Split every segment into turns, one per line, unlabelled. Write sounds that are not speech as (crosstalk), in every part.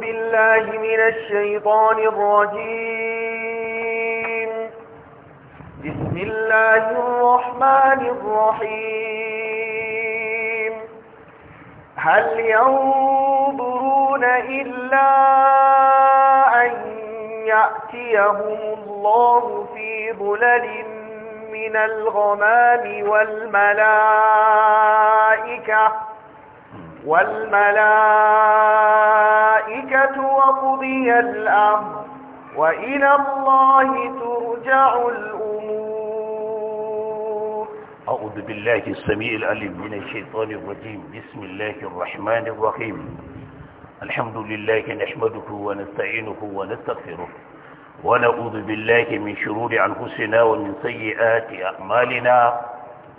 بالله من الشيطان الرجيم بسم الله الرحمن الرحيم هل ينظرون إلا أن يأتيهم الله في ظلل من الغمام والملائكة والملائكة الملائكة وقضي الأمر وإلى الله ترجع الأمور
أعوذ بالله السميع العليم من الشيطان الرجيم بسم الله الرحمن الرحيم الحمد لله نحمده ونستعينه ونستغفره ونعوذ بالله من شرور أنفسنا ومن سيئات أعمالنا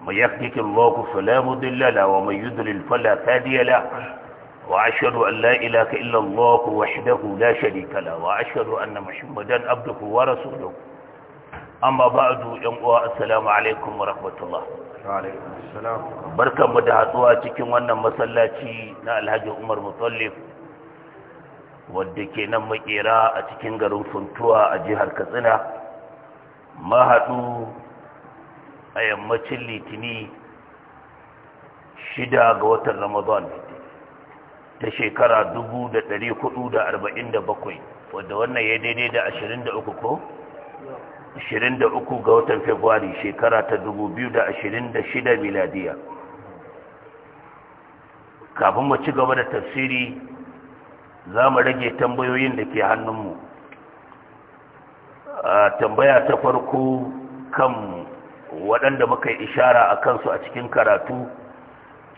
من يهدك الله فلا مضل له ومن يضلل فلا هادي له وأشهد أن لا إله إلا الله وحده لا شريك له وأشهد أن محمدا عبده ورسوله أما بعد ينقوى السلام عليكم ورحمة الله وعليكم السلام بركة مدهاتوا تكيم وانا مسلاتي نا الهج عمر مطلب ودكي نم إيراء تكيم غرون فنتوا أجهر كثنا ما هدو أيام مچلي تني شدا غوة رمضان ta shekara bakwai, wadda wannan ya daidai da 23 ko 23 ga watan februari shekara ta shida miladiya kafin mu ci gaba da tafsiri za mu rage tambayoyin da ke hannunmu a tambaya ta farko kan waɗanda muka yi ishara a kansu a cikin karatu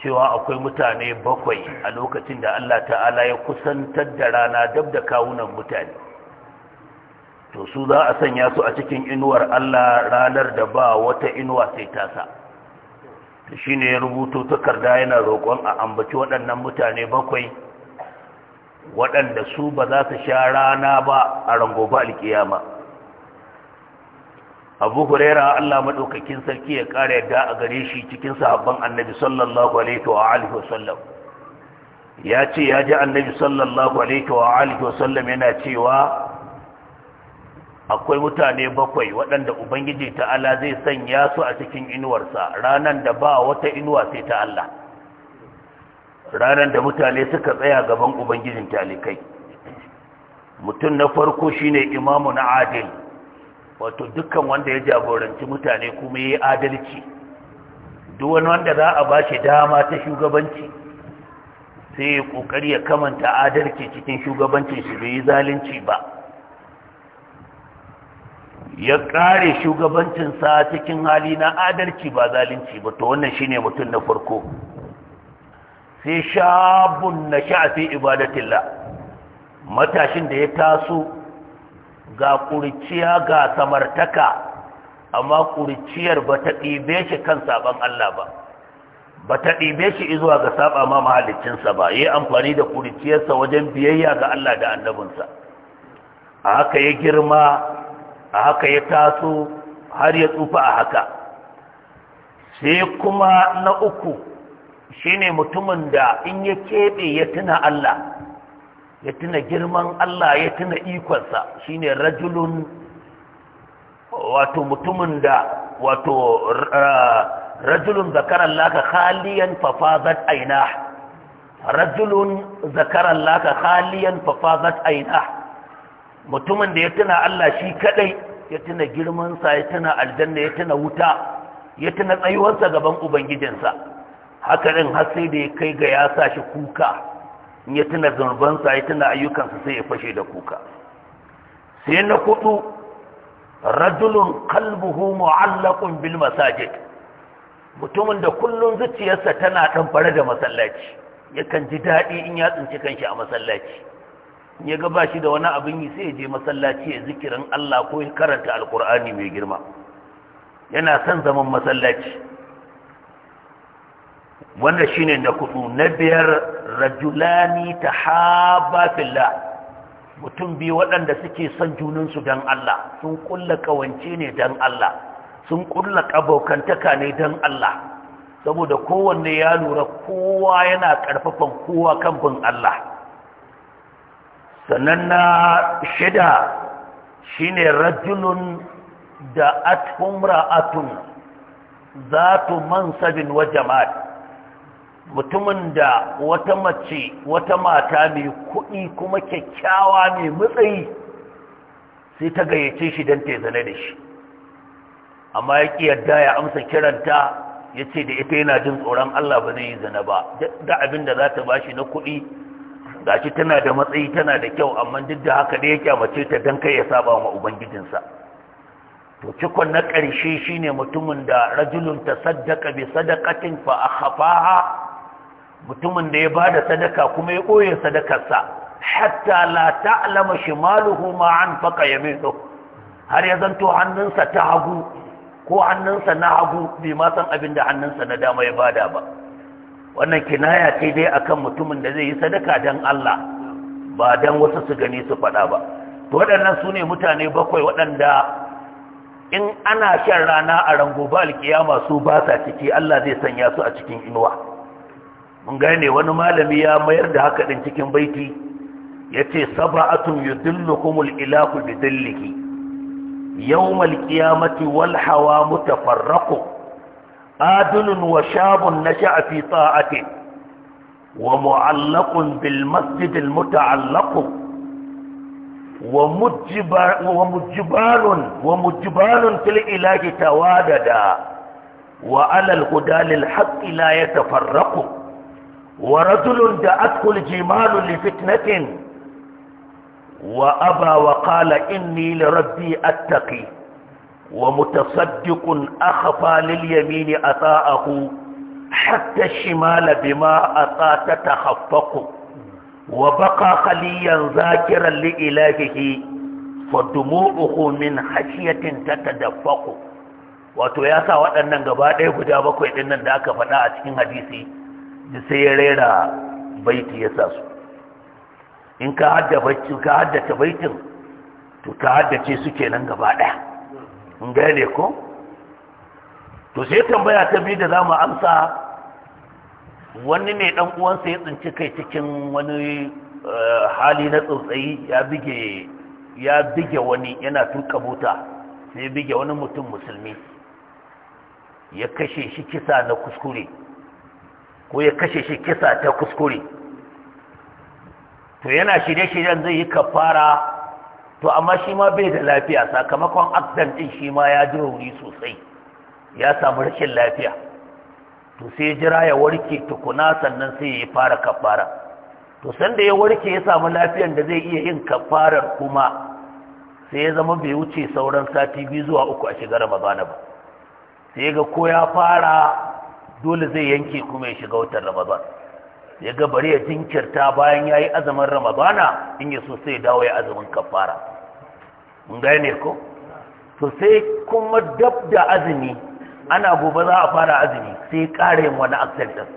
cewa akwai mutane bakwai a lokacin da Allah ta'ala ya kusantar da rana dab da kawunan mutane to su za a sanya su a cikin inuwar Allah ranar da ba wata inuwa sai tasa to ne ya rubuto takarda yana roƙon a ambaci waɗannan mutane bakwai waɗanda su ba za su sha rana ba a rangoba alkiyama abu huraira allah maɗaukakin sarki ya ƙara yadda a gare shi cikin sahabban annabi sallallahu alaihi wa alihi wasallam ya ce ya ji annabi sallallahu alaihi wa alihi wasallam yana cewa akwai mutane bakwai waɗanda ubangiji ta Allah zai sanya su a cikin inuwarsa ranar da ba wata inuwa sai ta Allah ranar da mutane suka tsaya gaban ubangijin talikai mutum na farko shine imamu na adil wato dukkan wanda ya jagoranci mutane kuma ya yi adalci duk wanda za a ba shi dama ta shugabanci sai ya kokari ya kamanta adalci cikin shugabancin shi bai yi zalunci ba ya kare shugabancinsa cikin hali na adalci ba zalunci ba to wannan shine mutum na farko sai shabun na sha'afi ibadatillah matashin da ya taso ga ƙuriciya ga samartaka amma ƙuriciyar ba ta ɗibe shi kan saban Allah ba ba ta ɗibe shi izuwa ga saba ma mahalicinsa ba ya amfani da ƙuriciyarsa wajen biyayya ga Allah da annabinsa a haka ya girma a haka ya taso har ya tsufa a haka sai kuma na uku shine mutumin da in ya keɓe ya tuna Allah ya tuna girman Allah ya tuna ikonsa shi ne rajulun wato mutumin da wato rajulun zakaran laka khaliyan fafazat aina rajulun zakarar laka khaliyan fafazat aina mutumin da ya tuna Allah shi kadai ya tuna girmansa ya tuna aljanna ya tuna wuta ya tuna tsayuwarsa gaban ubangijinsa haka ɗin har sai da ya kai ga ya sa shi kuka in ya tuna zunubansa ya tuna ayyukansa sai ya fashe da kuka sai na hudu rajulun kalbuhu mu'allaqun bil masajid mutumin da kullun zuciyarsa tana fara da masallaci yakan ji dadi in ya tsinci kanshi a masallaci ya ga bashi da wani abin yi sai ya je masallaci ya zikirin Allah ko ya karanta alkur'ani mai girma yana son zaman masallaci wanda ne na kudu na biyar rajulani ta Fila, mutum biyu waɗanda suke son junansu don Allah sun ƙulla ƙawance ne don Allah sun ƙulla kabokantaka ne don Allah saboda kowanne ya lura kowa yana ƙarfafan kowa kan bin Allah sannan na shida shi ne rajulun da atumra'atun zatu sabin wa jama'a mutumin da wata mace wata mata mai kuɗi kuma kyakkyawa mai matsayi sai ta gayyace shi don ta zane da shi amma ya ƙi ya amsa kiranta ya ce da ita yana jin tsoron Allah ba zai yi zane ba da abin da za ta ba shi na kuɗi ga shi tana da matsayi tana da kyau amma duk da haka da ya kyamace ta don kai ya saba wa ubangijinsa to cikon na ƙarshe shine mutumin da rajulun ta saddaka bi sadakatin fa a mutumin da ya ba da sadaka kuma ya ɓoye sadakarsa hatta la ta'lama shimaluhu ma an ya yaminu har ya zanto hannunsa ta hagu ko hannunsa na hagu bai ma san abin da hannunsa na dama ya bada ba wannan kinaya ce dai akan mutumin da zai yi sadaka don Allah ba don wasu su gani su faɗa ba to waɗannan su ne mutane bakwai waɗanda in ana shan rana a rango ba alkiyama su ba sa ciki Allah zai sanya su a cikin inuwa mun gane wani malami ya mayar da haka ɗin cikin baiti yace sab'atun yudillukumul ilahu bidilliki yawmal qiyamati wal hawa mutafarraqu adilun wa shabun nasha'a fi ta'ati wa mu'allaqun bil masjidil muta'allaqu ومجبال ومجبال في الإله تواددا وعلى الهدى للحق لا يتفرق wa rajulun da atkul jimalu fitnatin wa aba wa qala inni li rabbi attaqi wa mutasaddiqun akhfa lil yamini ata'ahu hatta shimala bima ata tatahaffaku wa baqa khaliyan zakiran li ilahihi fadumu'uhu min hashiyatin tatadaffaku wato ya sa waɗannan gaba ɗaya guda bakwai ɗin da aka faɗa a cikin hadisi da sai ya rera baiti ya sa su in ka haddace baitin to ka haddace su kenan gaba ɗaya in gane ko to sai tambaya ta biyu da za mu amsa wani ne ɗan uwansa ya tsinci kai cikin wani eh, hali na tsotsayi ya bige wani yana tuka buta sai bige wani mutum musulmi ya kashe shi kisa na kuskure ko ya kashe shi kisa ta kuskure to yana shirye-shiryen zai yi kafara to amma shi ma bai da lafiya sakamakon aktan din shi ma ya ji rauni sosai ya samu rashin lafiya to sai ya jira ya warke tukuna sannan sai ya fara kafara to sanda ya warke ya samu lafiyan da zai iya yin kafarar kuma sai ya zama bai wuce sauran sati biyu zuwa uku a shiga ramadana ba sai ga ko ya fara dole zai yanke kuma ya shiga watan ramadan ya ga bari ya jinkirta bayan ya yi azumin ramadana in ya so sai dawo ya azumin kafara mun ne ko to sai kuma dab da azumi ana gobe za a fara azumi sai kare wani aksan din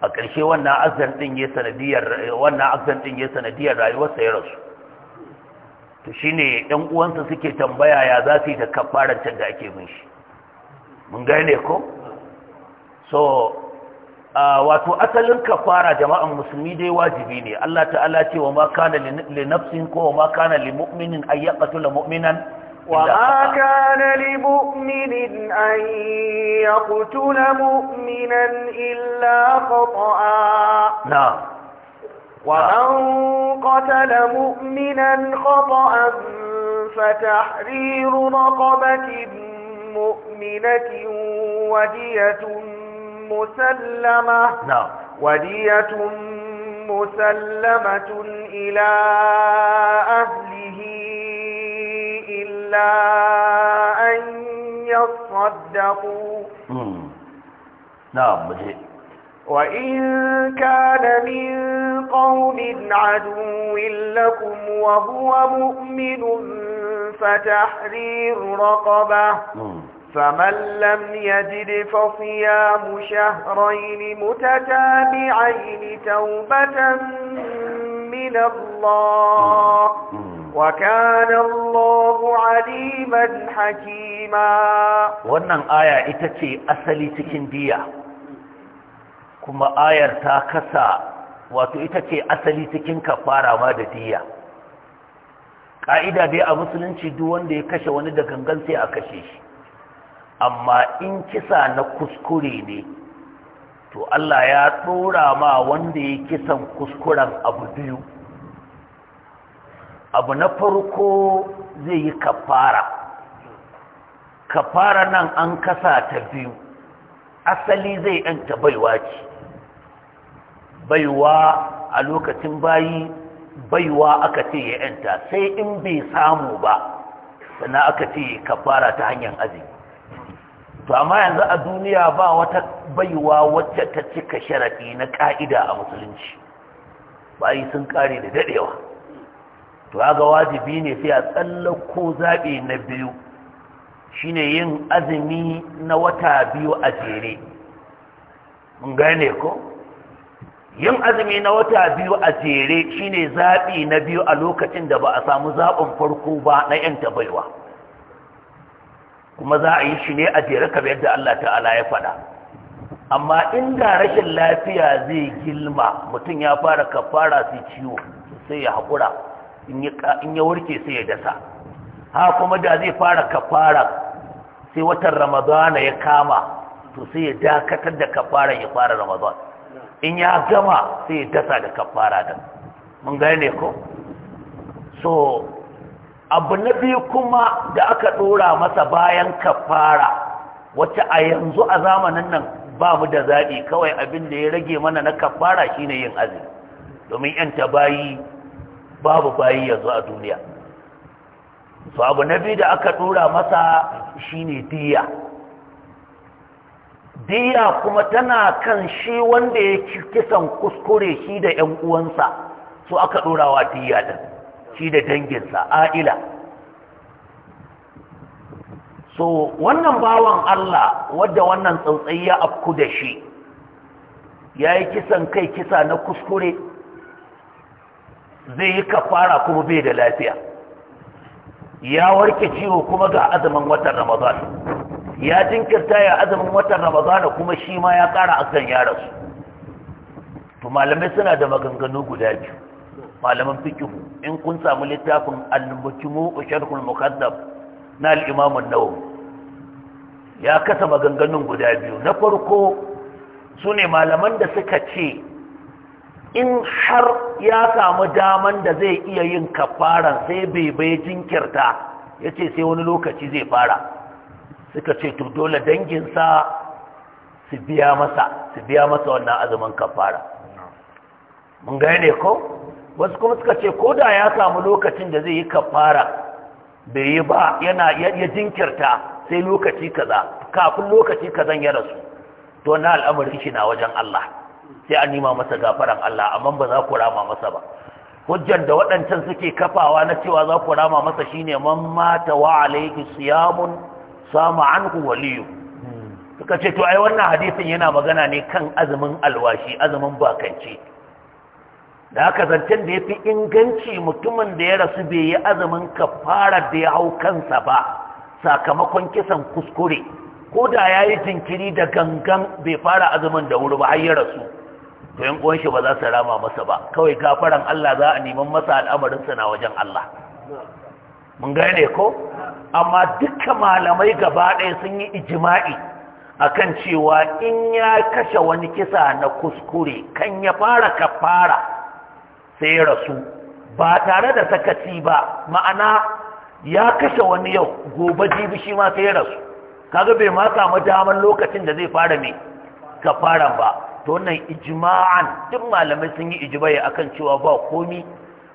a ƙarshe wannan aksan din ya sanadiyar wannan aksan ya sanadiyar rayuwarsa ya rasu to shine ɗan uwansa suke tambaya ya za su yi da kafarar da ake bin shi mun ne ko so wato asalin kafara jama'an musulmi dai wajibi ne Allah ta'ala ce wa ma kana li nafsin ko wa ma kana li mu'minin ay yaqtul mu'minan وما
كان لمؤمن أن يقتل مؤمنا إلا خطأ
نعم ومن
قتل مؤمنا خطأ فتحرير naqabatin mu'minatin wadiyatun مسلمة
نعم ودية
مسلمة إلى أهله إلا أن يصدقوا
نعم وإن
كان من قوم عدو لكم وهو مؤمن فتحرير رقبة مم. فمن لم يجد فصيام شهرين متتابعين توبة من الله وكان الله عليما حكيما
wannan aya ita ce asali cikin diya kuma ayar ta kasa wato ita ce asali cikin kafara ma da diya ka'ida dai a musulunci duk wanda ya kashe wani da gangan sai a kashe shi amma in kisa na kuskure ne to Allah ya tsora ma wanda ya kisan kuskuren abu biyu abu na farko zai yi kafara kafara nan an kasa ta biyu asali zai yanta baiwa ce baiwa a lokacin bayi baiwa aka ce ya yanta sai in bai samu ba sannan aka ce kafara ta hanyar azumi to amma yanzu a duniya ba wata baiwa wacce ta cika sharaɗi na ƙa'ida a musulunci bayi sun ƙare da daɗewa to ga wajibi ne sai a tsallako zaɓe na biyu shine yin azumi na wata biyu a jere gane ko yin azumi na wata biyu a jere shine zaɓi na biyu a lokacin da ba a samu zaɓin farko ba na 'yan baiwa. kuma za a yi shi ne a jere kamar yadda Allah ta'ala ya faɗa amma in inda rashin lafiya zai gilma mutum ya fara kafara su ciwo sai ya haƙura in ya warke sai ya dasa ha kuma da zai fara kafara sai watan ramadana ya kama to sai ya dakatar da kafaran ya fara ramadan in ya gama sai ya dasa da kafara da mun gane ko so abu na biyu kuma da aka ɗora masa bayan kafara wacce a yanzu a zamanin nan ba mu da zaɓi kawai abin da ya rage mana na kafara shine yin azumi domin yanta bayi babu bayi yanzu a duniya su abu na biyu da aka ɗora masa shine diya diya kuma tana kan shi wanda ya kisan kuskure shi da 'yan uwansa su aka ɗora wa diya ɗin shi da danginsa a'ila so wannan bawan Allah wadda wannan tsautsayi ya afku da shi ya yi kisan kai kisa na kuskure zai yi kafara kuma bai da lafiya ya warke ciwo kuma ga azumin watan ramadan ya jinkirta ya azumin watan ramadan kuma shi ma ya kara akan ya rasu to malamai suna da maganganu guda biyu malaman fikihu in kun samu littafin al-mujmu sharhul muqaddam na al-imam an-nawawi ya kasa maganganun guda biyu na farko sune malaman da suka ce in har ya samu daman da zai iya yin kafara sai bai bai jinkirta yace sai wani lokaci zai fara suka ce to dole danginsa su biya masa su biya masa wannan azumin kafara mun gane ko wasu kuma suka ce ko da ya samu lokacin da zai yi kafara bai yi ba yana ya jinkirta sai lokaci kaza kafin lokaci kazan ya rasu to na al'amarin shi na wajen Allah sai an nima masa gafaran Allah amma ba za ku rama masa ba hujjar da waɗancan suke kafawa na cewa za ku rama masa shine man mata wa alayhi siyamun sama anhu waliyu suka ce to ai wannan hadisin yana magana ne kan azumin alwashi azumin bakanci da aka zancen da ya fi inganci mutumin da ya rasu bai yi azumin kafara da ya hau kansa ba sakamakon kisan kuskure ko da ya yi jinkiri da gangan bai fara azumin da wuri ba har ya rasu to yan uwan shi ba za su rama masa ba kawai gafaran Allah za a neman masa al'amarinsa na wajen Allah mun gane ko amma dukkan malamai gaba ɗaya sun yi ijima'i akan cewa in ya kashe wani kisa na kuskure kan ya fara kafara sai ya rasu ba tare da sakaci ba ma'ana ya kashe wani yau gobe jibi shi ma sai ya rasu kaga bai ma samu damar lokacin da zai fara mai ka fara ba to wannan ijma'an duk malamai sun yi ijma'i akan cewa ba komi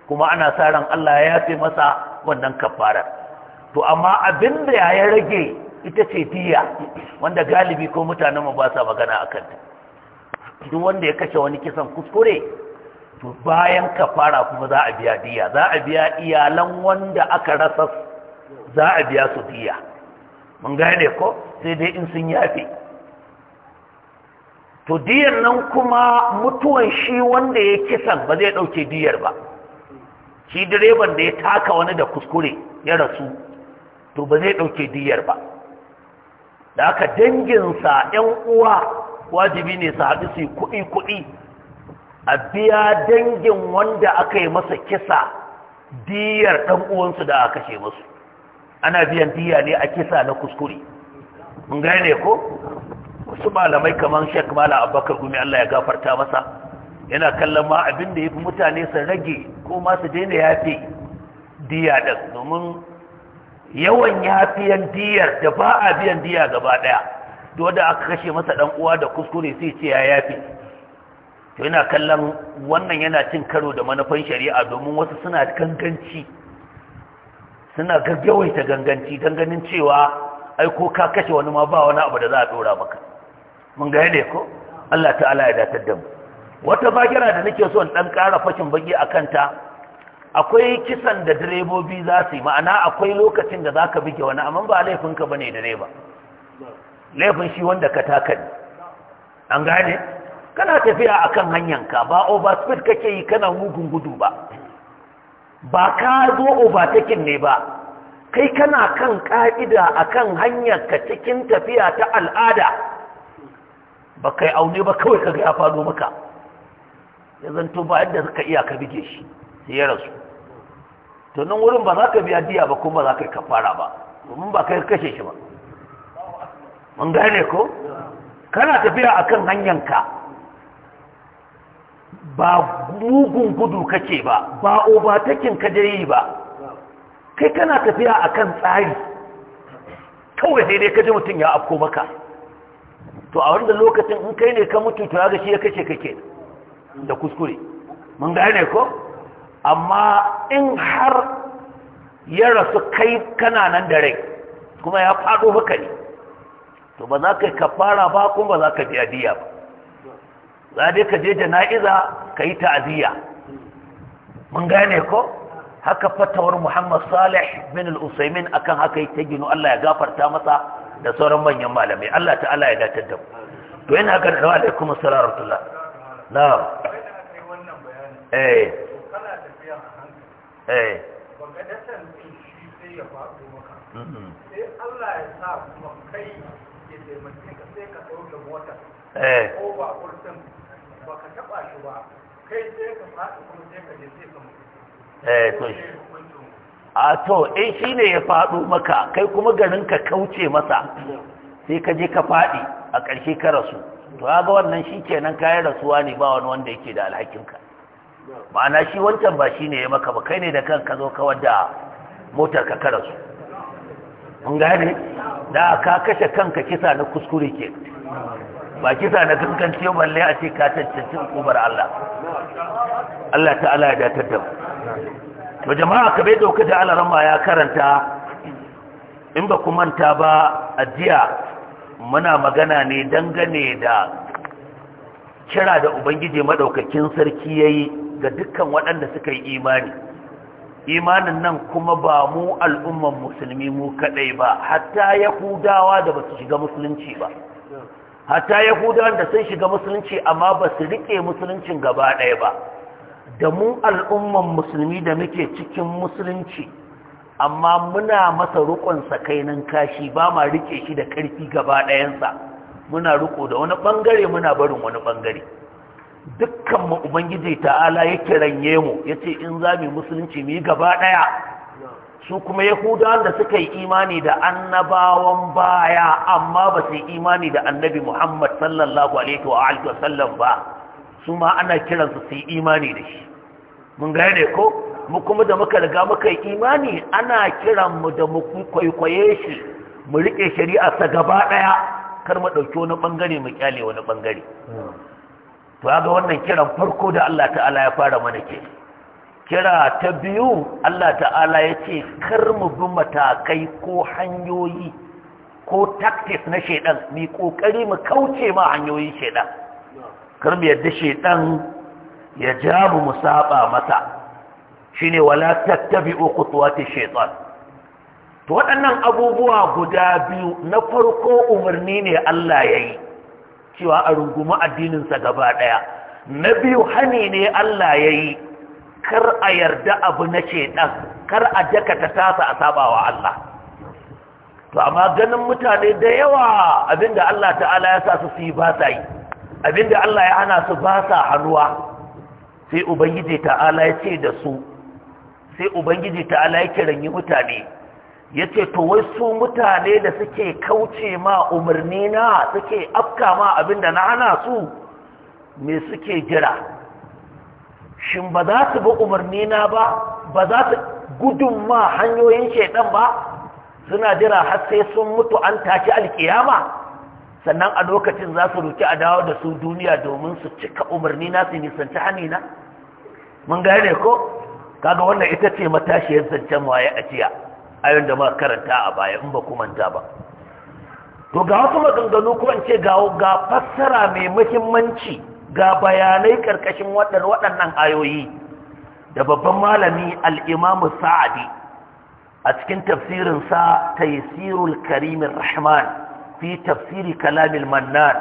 kuma ana sa ran Allah ya yafe masa wannan kafarar to amma abin da ya rage ita ce diya wanda galibi ko mutanen mu ba sa magana akan ta duk wanda ya kashe wani kisan kuskure to bayan fara kuma za a biya diya za a biya iyalan wanda aka rasa za a biya su diya mun gane ko sai dai in sun yafe to diyar nan kuma mutuwan shi wanda ya kisan ba zai dauke diyar ba shi direban da ya taka wani da kuskure ya rasu to ba zai dauke diyar ba da aka danginsa ‘yan uwa wajibi ne su haɗu su yi kuɗi-kuɗi a biya dangin wanda aka yi masa kisa diyar ɗan uwansu da aka kashe masu ana biyan diya ne a kisa na kuskure mun gane ko wasu malamai kamar shek Malam Abubakar Gumi Allah ya gafarta masa yana kallon ma abin da ya fi mutane su rage ko masu su daina yafe diya din domin yawan yafiyan diyar da ba a biyan diya gaba daya wadda aka kashe masa dan uwa da kuskure sai ce ya yafe to yana kallon wannan yana cin karo da manufan shari'a domin wasu suna ganganci suna ta ganganci don ganin cewa ai ka kashe wani ma ba wani abu da za a dora maka mun ga ne ko Allah ta'ala ya datar da mu wata bagira da nake so in dan ƙara fashin baki akan ta akwai kisan da direbobi za su yi ma'ana akwai lokacin da zaka bige wani amma ba laifin ka bane direba laifin shi wanda ka taka an gane kana tafiya akan hanyanka ba overspeed kake yi kana mugun gudu ba ba ka zo overtaking ne ba kai kana kan ka'ida akan ka cikin tafiya ta al'ada ba kai aune ba kawai kaga ya faɗo maka ya zanto ba yadda suka iya ka bige shi sai ya rasu to nan wurin ba za ka biya diya ba kuma ba za ka yi kafara ba domin ba kai kashe shi ba mun gane ko kana tafiya akan hanyanka ba mugun gudu kake ba ba obatakin kajiri ba kai kana tafiya a kan tsari kawai sai dai kaji mutum ya afko maka to a wanda lokacin in kai ne ka mutu to ya gashi ya kashe kake da kuskure mun gane ko amma in har ya rasu kai kana nan da rai kuma ya faɗo maka ne to ba za ka yi kafara ba kuma ba za ka biya diya ba za dai ka je jana'iza ka yi ta'aziyya mun gane ko haka fatawar muhammad salih bin al-usaimin akan haka yi ta gino allah ya gafarta masa da sauran manyan malamai allah ta'ala ya datar da mu to yana haka da wa alaikum assalam rahmatullah na'am eh sai Allah ya sa kai ya sai ka mota ko ba ba ka taɓa shi ba kai sai ka faɗi sai ka je sai ka mutu eh, to in shi ne ya faɗo maka kai kuma ganin ka kauce masa sai ka je ka faɗi a ƙarshe ka rasu to ya ga wannan shi kenan kayan rasuwa ne ba wani wanda yake da alhakinka ma'ana shi wancan ba shi ne ya maka ba kai ne da kan ka zo kawar da motar ka karasu an gane da ka kashe kanka kisa na kuskure ke ba kisa na kaskanci balle a ce ka cancanci hukumar Allah Allah ta'ala ya datar da ba jama'a ka bai dauka da alarama ya karanta in ba ku manta ba a jiya muna magana ne dangane da kira da ubangiji madaukakin sarki ya yi ga dukkan waɗanda suka yi imani imanin nan kuma ba mu al'umman musulmi mu kaɗai ba hatta yahudawa da ba su shiga musulunci ba hatta yahudawan da sun shiga musulunci amma ba su rike musuluncin gaba ɗaya ba da mu al'umman musulmi da muke cikin musulunci amma muna masa rukun sakainin kashi ba ma rike shi da ƙarfi gaba ɗayansa muna riko da wani bangare muna barin wani bangare dukkan mu ubangiji ta'ala ya kiranye mu yace in za mu musulunci mu yi gaba ɗaya su kuma yahudawan da suka yi imani da annabawan baya amma ba su yi imani da annabi muhammad sallallahu alaihi wa alihi wasallam ba su ma ana kiransu su yi imani da shi mun gane ko mu kuma da muka riga muka yi imani ana kiran mu da mu kwaikwaye shi mu rike shari'a ta gaba daya kar mu dauki wani bangare mu kyale wani bangare hmm. to ga wannan kiran farko da Allah ta'ala ya fara mana kenan kira ta biyu Allah ta'ala ya ce kar mu bi matakai ko hanyoyi ko taktis na shaidan mu kokari mu kauce ma hanyoyin shaidan kar mu yadda shaidan ya jabu mu musaba masa shine wala tattabi'u khutuwati shaitan to waɗannan abubuwa guda biyu na farko umarni ne Allah yayi cewa a rungumi addinin sa gaba daya na biyu hani ne Allah yayi kar a yarda abu na ɗan kar a jakata tasa a sabawa Allah to amma ganin mutane da yawa abinda Allah ta'ala ya sa su su yi ba sa yi abinda Allah ya hana su ba sa hannuwa sai ubangiji ta'ala ya ce da su sai ubangiji ta'ala ya kiranyi mutane ya ce to wai su mutane da suke kauce ma umarni na suke afka ma abinda na hana su me suke jira shin ba za su bi umarni na ba ba za su gudun ma hanyoyin shaidan ba suna jira har sai sun mutu an tashi alkiyama sannan a lokacin za su ruki a dawo da su duniya domin su cika umarni na su nisanci hanina mun ne ko kaga wannan ita ce matashiyar zancen waye a jiya ayon da ma karanta a baya in ba manta ba to ga wasu maganganu kuma in ce ga fassara mai muhimmanci ga bayanai karkashin waɗannan ayoyi da babban malami al'imamu sa'adi a cikin tafsirinsa taysirul karimin rahman fi tafsiri kalamin mannan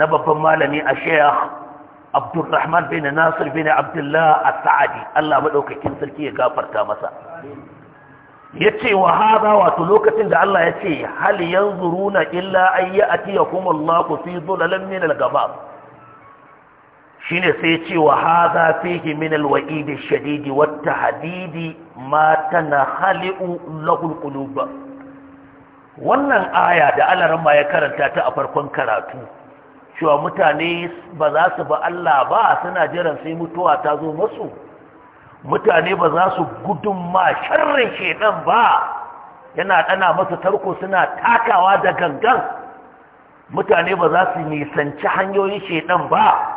na babban malami a sheikh abdurrahman bin nasir bin abdullah a saadi Allah maɗaukakin sarki ya gafarta masa yace wa hada wato lokacin da Allah ya yace hal runa illa an kuma Allah fi dhulalin min al-ghamam shine sai ce wa hadha fihi min alwa'id ash-shadid wa tahdid ma tanahali'u lahu wannan aya da Alarama ya karanta ta a farkon karatu cewa mutane ba za su ba Allah ba suna jiran sai mutuwa ta zo masu? mutane ba za su gudun ma sharrin shedan ba yana dana masa tarko suna takawa da gangan mutane ba za su nisanci hanyoyin shedan ba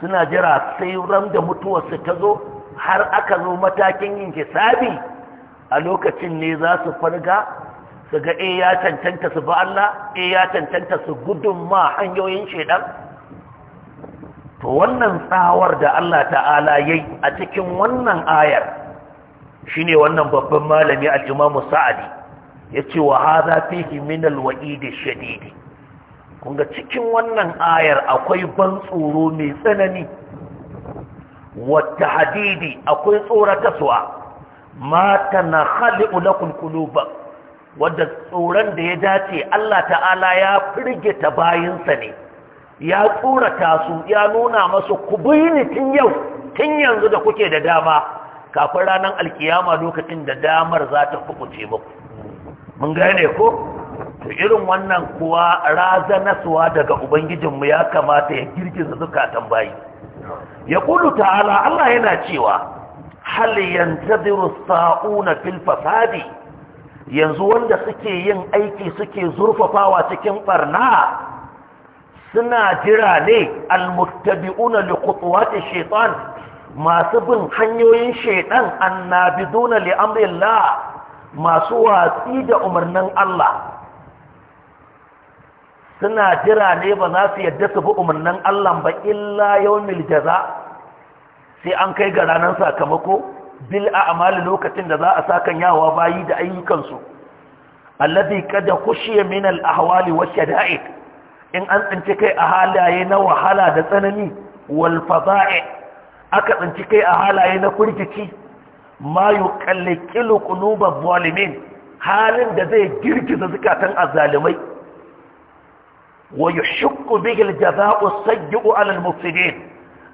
suna jira sai ran da mutuwarsu ta zo har aka zo matakin yin hisabi a lokacin ne za su farga su ga e ya cancanta su ba Allah e ya cancanta su gudun ma hanyoyin shedan to wannan tsawar da Allah ta'ala yayi a cikin wannan ayar shine wannan babban malami al-Imam ya yace wa hadha fihi min al-wa'id ash kunga cikin wannan ayar akwai ban tsoro mai tsanani wata hadidi akwai tsorataswa mata na khali'u lakum ba. wanda tsoron da ya dace Allah ta'ala ya ta bayinsa ne ya tsorata su ya nuna masu kubini tun yau tun yanzu da kuke da dama kafin ranar alkiyama lokacin da damar za ta ce ba mun gane ko to irin wannan kuwa razanaswa daga ubangijinmu ya kamata ya girgiza zukatan tambayi. ya ƙulu ta'ala Allah yana cewa hal yantaziru sa'una fil fasadi yanzu wanda suke yin aiki suke zurfafawa cikin ɓarna, suna jira ne almuttabi'una li khutuwati shaytan masu bin hanyoyin shaytan annabiduna li amrillah masu watsi da umarnin Allah suna jira ne ba za su yadda su fi umarnin Allah ba illa yawmil jaza sai an kai ga ranar sakamako bil a a'mali lokacin da za a kan yawa bayi da ayyukansu alladhi qad khushiya min al ahwali wash shada'id in an tsinci kai a halaye na wahala da tsanani wal fada'i aka tsinci kai a halaye na kurkici ma yuqalliqilu qulubadh zalimin halin da zai girgiza zakatan azzalimai ويشق به الجزاء السيء على المفسدين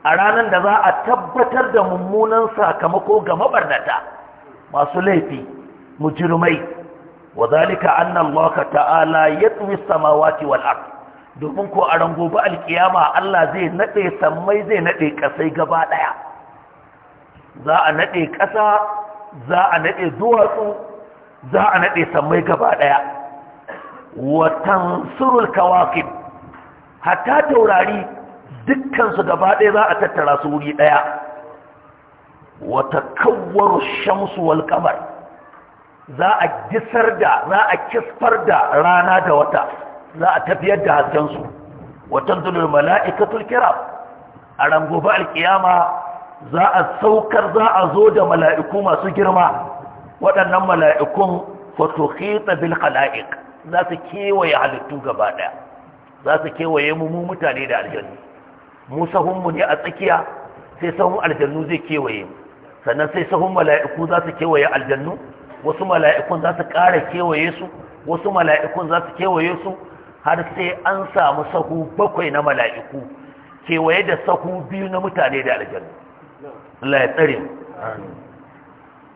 a ranar da za a tabbatar da mummunan sakamako ga mabarnata masu laifi mujirmai wa zalika anna Allah ta'ala yatwi samawati wal ard domin ko a rango ba alkiyama Allah zai naɗe sammai zai naɗe ƙasai gaba ɗaya. za a nade ƙasa, za a nade duwatsu za a nade sammai gaba ɗaya. Watan tansurul kawakib hatta taurari dukkansu gaba ɗaya za a tattara su wuri ɗaya Wata takawwaru shamsu wal za a gisar da za a kisfar da rana da wata za a tafiyar da hasken su wa mala'ikatul kiram a ran gobe alkiyama za a saukar za a zo da mala'iku masu girma waɗannan mala'ikun fa tukhita bil khala'iq za su kewaye halittu gaba ɗaya za su kewaye mu mutane da aljannu mu sahunmu ne a tsakiya sai sahun aljannu zai kewaye mu sannan sai sahun mala'iku za su kewaye aljannu wasu mala'ikun za su ƙara kewaye su wasu mala'ikun za su kewaye su har sai an samu sahu bakwai na mala'iku kewaye da sahu biyu na mutane da aljannu Allah ya tsare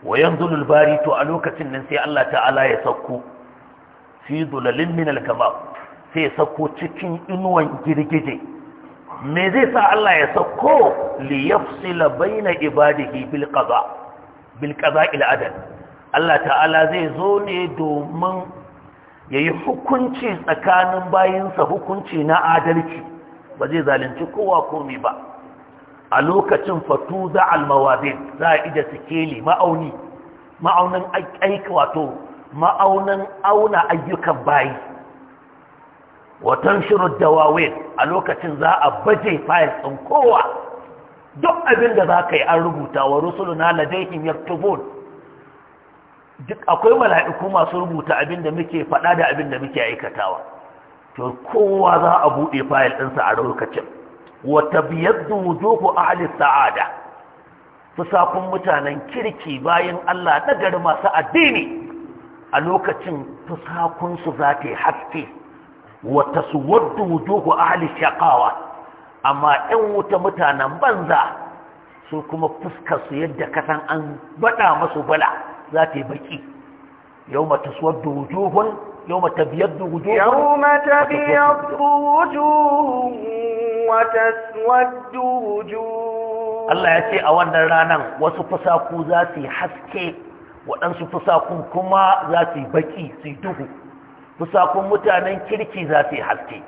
wa yanzu lulbari to a lokacin nan sai Allah ta'ala ya sauko fi dulalin min al-kamam sai sako cikin inuwan girgije me zai sa Allah ya sako li yafsila baina ibadihi bil qada bil qada ila Allah ta'ala zai zo ne domin yayi hukunci tsakanin bayinsa hukunci na adalci ba zai zalunci kowa komai ba a lokacin fatuza al mawazin za a ija sikeli ma'auni ma'aunin aiki wato ma'aunin auna ayyukan bayi watan shiru dawawin a lokacin za a baje fayil ɗin kowa duk abin da za yi an rubuta wa rusulu na ladaihim yaktubun duk akwai mala'iku masu rubuta abin da muke faɗa da abin da muke aikatawa to kowa za a buɗe fayil ɗinsa a lokacin wata biyar da wujuhu ahli sa'ada sakun mutanen kirki bayan Allah na gari masu addini a lokacin fusakunsu za ta yi haske wata su wadda wujuhu ahli shaƙawa. amma 'yan wuta mutanen banza su kuma fuskarsu yadda kasan an baɗa masu bala za ta yi baƙi yau mata su wadda wujuhun yau biyar da yau
mata biyar wata
Allah ya ce a wannan ranar wasu fusaku za su yi haske waɗansu fusakun kuma za su yi baƙi su yi duhu fusakun mutanen kirki za su yi haske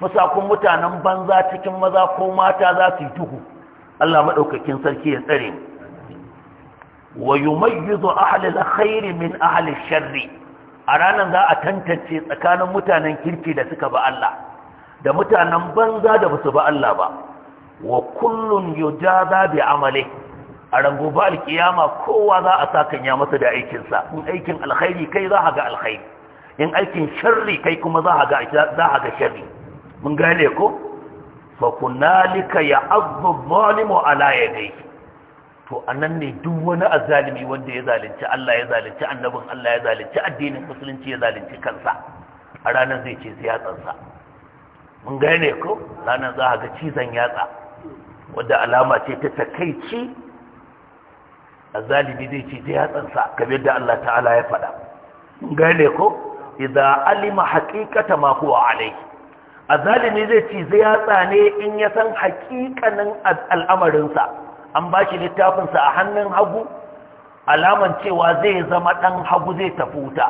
fusakun mutanen banza cikin maza ko mata za su yi duhu Allah maɗaukakin sarki ya tsare wa yumayyizu ahlul khairi min ahali sharri a ranar za a tantance tsakanin mutanen kirki da suka ba Allah da mutanen banza da ba su ba Allah ba wa kullun yujaza bi a rango ba alkiyama kowa za a sa kanya masa da aikinsa in aikin alkhairi kai za a ga alkhairi in aikin sharri kai kuma za a ga sharri mun gane ko fa kunalika ya azzu zalimu ala yadayhi to anan ne duk wani azalimi wanda ya zalunci Allah ya zalunci annabin Allah ya zalunci addinin musulunci ya zalunci kansa a ranar zai ce yatsansa mun gane ko ranar za a ga cizon yatsa wadda alama ce ta takaici azalimi zai ce zai yatsansa kamar da Allah ta'ala ya faɗa gane ko idza alima haqiqata ma huwa alayhi azalimi zai ce zai yatsa ne in ya san haqiqanin al'amarin sa an ba shi littafin sa a hannun hagu alaman cewa zai zama dan hagu zai tafi wuta.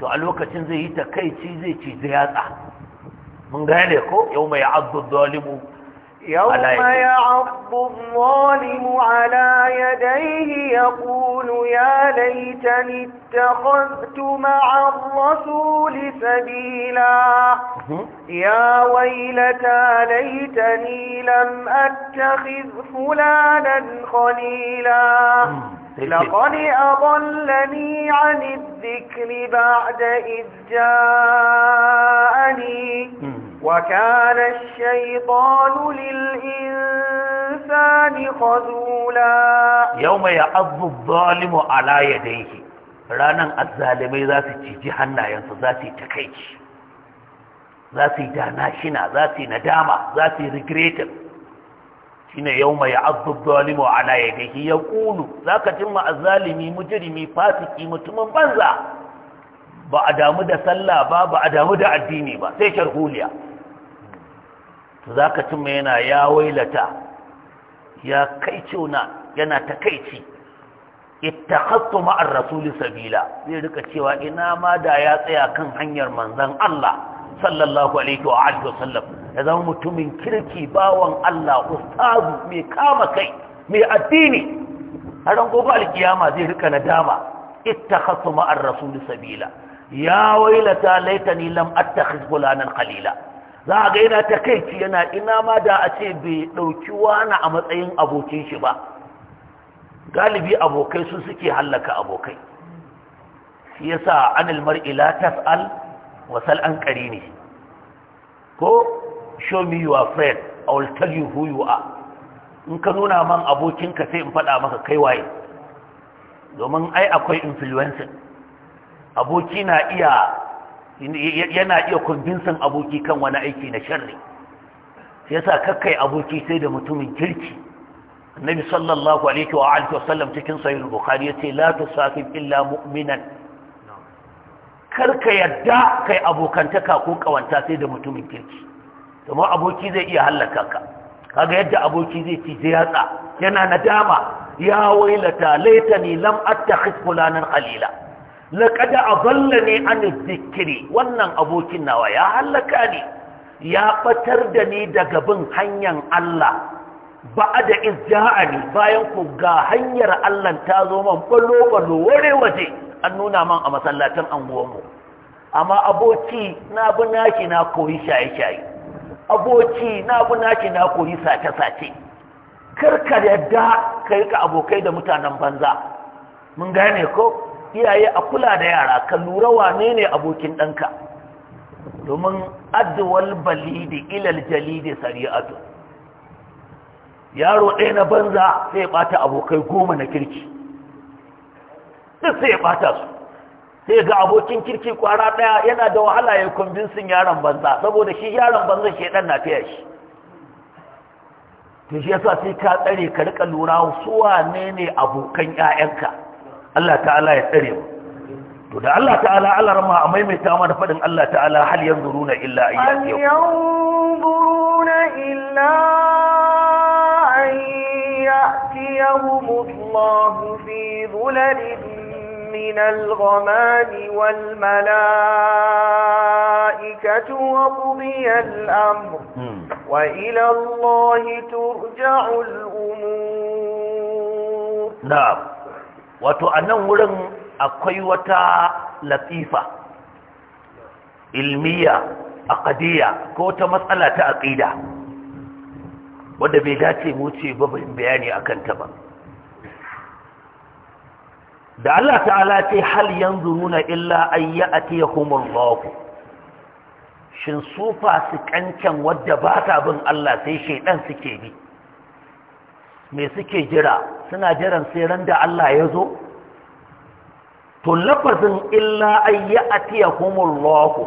to a lokacin zai yi takeici zai ce zai yatsa mun gane ko yau mai dhalimu يوم يعض
الظالم على يديه يقول يا ليتني اتخذت مع الرسول سبيلا يا ويلتى ليتني لم أتخذ فلانا خليلا لقد أضلني عن الذكر بعد إذ جاءني وكان الشيطان للإنسان خذولا
يوم يعض الظالم على يديه ranan azzalimai za su ciji hannayensu za su yi takaici za su yi dana shina za su yi nadama za su yi regretin shi ne yau mai azub zalimu ala ya gaji ya kulu za ka cimma azzalimi mujirimi fasiki mutumin banza ba a damu da sallah ba ba a damu da addini ba sai sharholiya za ka cimma yana ya wailata ya kai cuna yana ta kai ci ittakhattu ma'ar rasuli sabila zai rika cewa ina ma da ya tsaya kan hanyar manzon Allah sallallahu alaihi wa alihi wasallam ya zama mutumin kirki bawan Allah ustazu mai kama kai mai addini har an gobe alkiyama zai rika nadama ittakhattu ma'ar rasuli sabila ya wailata laitani lam attakhidh fulanan qalila za a ga yana kaici, yana ina ma da a ce bai ɗauki wani a matsayin abokin shi ba galibi abokai su suke hallaka abokai shi yasa anil mar'i la tas'al wasal an qarini ko show me your friend i will tell you who you are in ka nuna man abokinka sai in faɗa maka kai waye domin ai akwai influencing aboki na iya yana iya kumbinsan aboki kan wani aiki na sharri sai kakai kakkai aboki sai da mutumin kirki annabi sallallahu alaihi wa alihi wasallam cikin sahih bukhari yace la tusafib illa mu'minan ka yadda kai abokantaka ko kawanta sai da mutumin kirki kuma aboki zai iya hallaka ka kaga yadda aboki zai ci yatsa yana nadama ya wailata laitani lam attakhis fulanan qalila laƙada a balla ne an zikiri wannan abokin nawa ya halaka ne ya ɓatar da ni daga bin hanyar Allah ba a da izja'ani bayan ku ga hanyar Allah ta zo man balo-balo ware waje an nuna man a masallacin anguwanmu amma aboki na bi naki na koyi shaye-shaye aboki na bi naki na koyi sace-sace karka yadda ka yi ka abokai da mutanen banza mun gane ko iyaye a kula da yara ka lura wane ne abokin ɗanka domin addu'al balidi ilal jalidi sari'atu yaro ɗaya na banza sai ya ɓata abokai goma na kirki duk sai ya ɓata su sai ga abokin kirki kwara ɗaya yana da wahala ya kwambinsin yaron banza saboda shi yaron banza shaidan na fiya shi to shi yasa sai ka tsare ka rika lura su wanene ne abokan 'ya'yanka Allah ta'ala ya tsare mu to da Allah ta'ala Allah rama a maimaita mana fadin Allah ta'ala hal yanzuruna illa an
yanzuruna illa an ya'tiyahum Allah fi dhulalin من الغمام والملائكة وقضي الأمر وإلى الله ترجع الأمور
نعم wato a nan wurin akwai wata latifa ilmiya aqdiyya ko wata matsala ta aƙida, wadda bai dace mu ce ba bayani a kanta ba da Allah ta'ala ce hal nuna illa an ya'tiyahumullahu shin su fasikancan wadda ba ta bin Allah sai shaidan suke bi me suke jira suna jiran sai ran da Allah ya zo to lafazin illa an ya'tiyakumullahu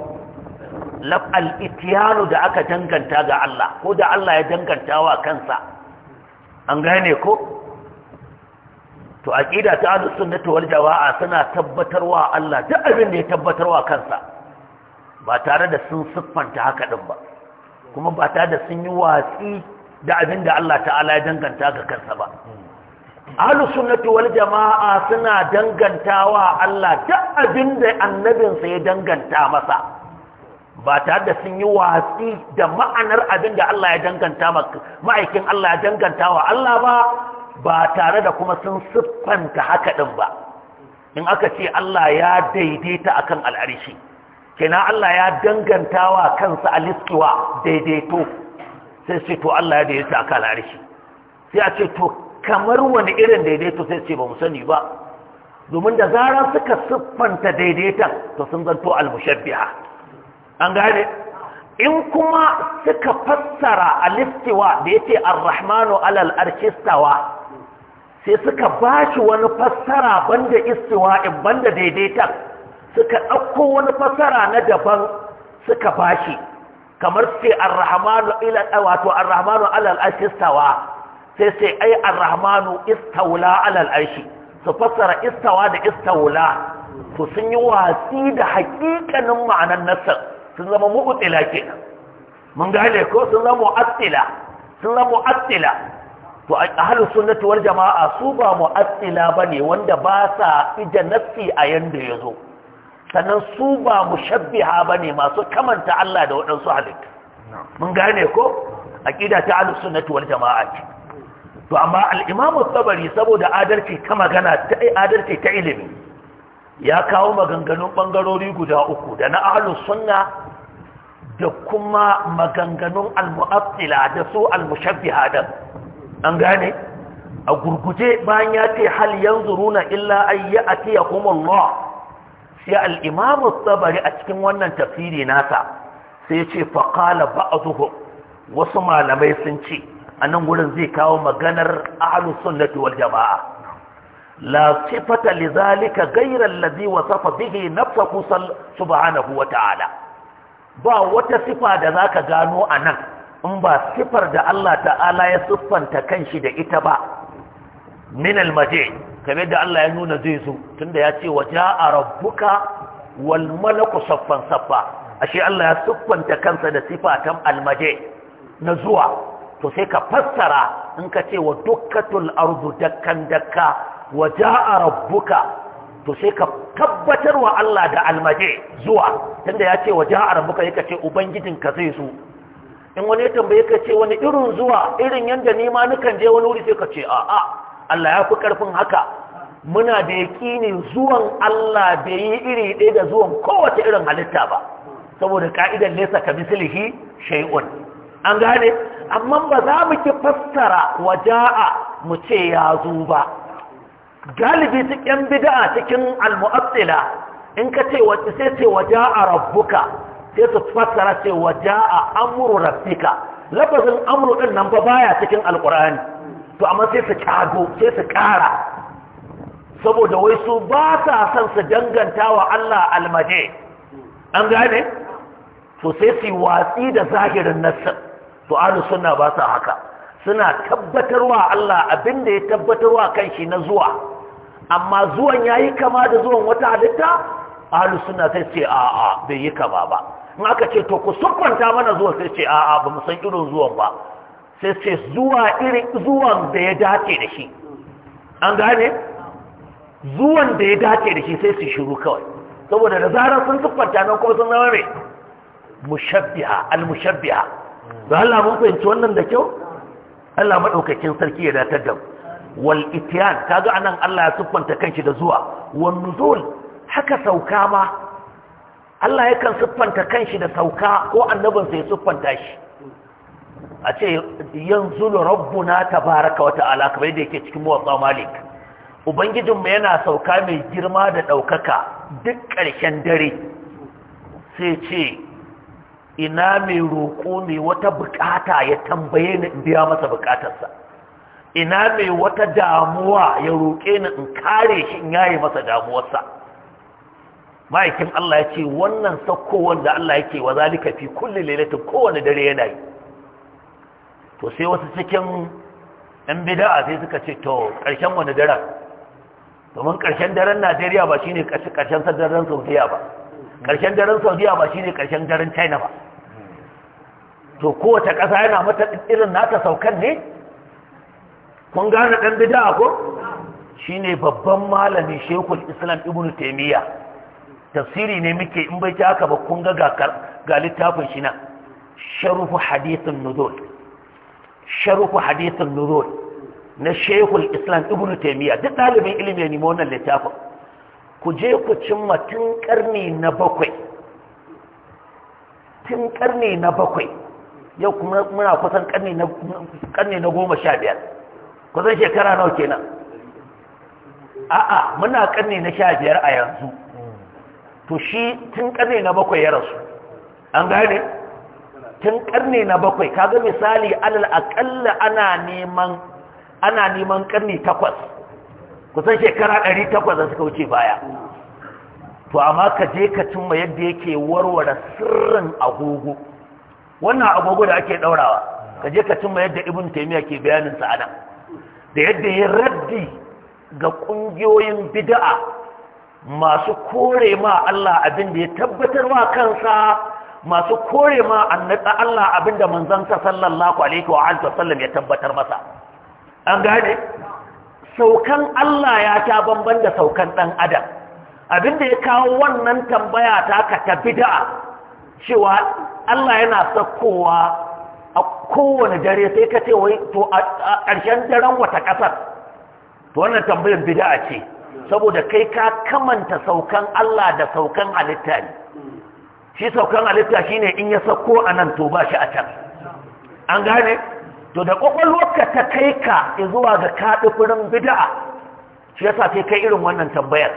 laf al-ityanu da aka danganta ga Allah ko da Allah ya danganta wa kansa an gane ko to aqida ta ahlus sunnati wal jawa'a suna tabbatarwa Allah duk abin da ya wa kansa ba tare da sun siffanta haka din ba kuma ba tare da sun yi watsi da abin da Allah ta'ala ya danganta ga kansa ba ahlu sunnati wal jama'a suna dangantawa Allah duk abin da annabinsa ya danganta masa ba tare da sun yi watsi da ma'anar abin da Allah ya danganta ma'aikin Allah ya danganta Allah ba ba tare da kuma sun siffanta haka din ba in aka ce Allah ya daidaita akan al'arishi, kina Allah ya dangantawa kansa a liskiwa daidaito sai ce to Allah ya daidaita a kan arshi sai a ce to kamar wani irin daidaito sai ce ba mu sani ba domin da zarar suka siffanta daidaitan to sun zanto almushabbiha an gane in kuma suka fassara alistiwa da yace arrahmanu alal arshistawa sai suka bashi wani fassara banda istiwa in banda daidaitan suka ɗauko wani fassara na daban suka bashi kamar ce arrahmanu ila wato arrahmanu ala al'arshi istawa sai sai ai arrahmanu istawla ala al'arshi su fassara istawa da istawla to sun yi watsi da hakikanin ma'anar nasar sun zama mu'tila kenan mun gane ko sun zama mu'attila sun zama mu'attila to a ahlus sunnati wal jama'a su ba mu'attila bane wanda ba sa ija nassi a yanda zo. sannan su ba mu shabbiha ba ne masu kamanta Allah da waɗansu halittu mun gane ko ƙida ta ahlus sunnati wal jamaa ce to amma al-imam saboda adalci ta magana ta eh, adalci ta ilimi ya kawo maganganun bangarori guda uku da na ahlus sunna da kuma maganganun al da su al da an gane a gurguje bayan ya ce hal runa illa ayyati yakumullah sai al'imamu tsabari a cikin wannan tafsiri nasa sai ce faƙala ba a wasu malamai sun ce a nan wurin zai kawo maganar ahalus sunnati wal jama'a la sifata li zalika ghayra allazi wasafa bihi nafsuhu subhanahu wa ta'ala ba wata sifa da za ka gano a nan in ba sifar da Allah ta'ala ya siffanta kanshi da ita ba min al kamar da Allah ya nuna zai zo tunda ya ce waje a rabbuka wal malaku saffan saffa ashe Allah ya siffanta kansa da sifatan almaje na zuwa to sai ka fassara in ka ce wa dukkatul ardu dakkan dakka waje a rabbuka to sai ka tabbatar wa Allah da almaje zuwa tunda ya ce waje a rabbuka yake ce ka zai zo in wani ya tambaye ka ce wani irin zuwa irin yanda ni ma nukan je wani wuri sai ka ce a'a Allah ya fi ƙarfin haka muna da yaƙini zuwan Allah bai yi iri ɗaya da zuwan kowace irin halitta ba saboda ka'idar nesa ka mislihi shay'un an gane amma ba za mu ki fassara waja'a mu ce ya zo ba galibi ƙyan bid'a cikin al in ka ce wace sai ce waja'a rabbuka sai su fassara ce waja'a rabbika lafazin amuru din nan ba baya cikin Alƙurani. to amma sai su kago sai su kara saboda wai su ba sa son su danganta wa Allah almaje an gane to sai su watsi da zahirin nassa to ahlus sunna ba sa haka suna tabbatarwa Allah abin da ya tabbatarwa kan shi na zuwa amma zuwan yayi kama da zuwan wata halitta ahlus sunna sai ce a'a bai yi kama ba in aka ce to ku sukwanta mana zuwa sai ce a'a ba mu san irin zuwan ba sai zuwa irin zuwan da ya dace da shi an gane zuwan da ya dace da shi sai su shiru kawai saboda da zarar sun siffanta nan ko sun zama mai mushabbiha al-mushabbiha da Allah mun fahimci wannan da kyau Allah madaukakin sarki ya datar da wal itiyan kaga anan Allah ya siffanta kanshi da zuwa wan nuzul haka sauka ma Allah yakan siffanta kanshi da sauka ko annabinsa ya siffanta shi a ce yanzu na tabaraka wata alaka bai da yake cikin muwatta malik ubangijinmu yana sauka mai girma da ɗaukaka duk ƙarshen dare sai ce ina mai roƙo mai wata buƙata ya tambaye ni in biya masa bukatarsa ina mai wata damuwa ya roƙe ni in kare shi in yaye masa damuwarsa ma'aikin Allah ya ce wannan sakkowar da Allah yake wa zalika fi kulle lalata kowane dare yana yi to sai wasu cikin yan bida'a sai suka ce to ƙarshen wani daren domin ƙarshen daren najeriya ba shine ƙarshen daren saudiya ba ƙarshen daren saudiya ba shine ƙarshen daren china ba to kowace ƙasa yana mata irin nata saukan ne kun gane ɗan bida'a ko Shi ne babban malami shekul islam ibnu taimiyya tafsiri ne muke in bai ta haka ba kun ga ga littafin shi na sharufu hadithin nuzul sharuku hadithin nuzul na shekul islam ibnu taimiyya duk ɗalibin ilimi ne nemi wannan littafin ku je ku cimma tun karni na bakwai tun karni na bakwai yau kuma muna kusan karni na goma sha biyar kusan shekara nawa kenan a'a muna karni na sha biyar a yanzu to shi tun karni na bakwai ya rasu an gane tun karni na bakwai kaga misali alal akalla ana neman ana neman karni takwas kusan shekara ɗari takwas da suka wuce baya to amma ka je ka cimma yadda yake warware sirrin agogo wannan agogo da ake ɗaurawa ka je ka cimma yadda ibn taimiyya ke bayanin sa anan da yadda ya raddi ga ƙungiyoyin bida'a, masu kore ma Allah abin da ya tabbatar wa kansa masu kore ma annata Allah abinda manzansa sallallahu alaihi wa alihi wasallam ya tabbatar masa an gane saukan Allah ya ta bamban da saukan ɗan adam abinda ya kawo wannan tambaya ta ka ta bid'a cewa Allah yana saukowa a kowane dare sai ka ce wai to a ƙarshen daren wata ƙasar to wannan tambayar bid'a ce saboda kai ka kamanta saukan Allah da saukan halitta shi saukan halitta ne in ya sauko a nan to ba shi a can an gane to da ka ta kai ka zuwa ga kaɗi furin bida'a shi yasa sai kai irin wannan tambayar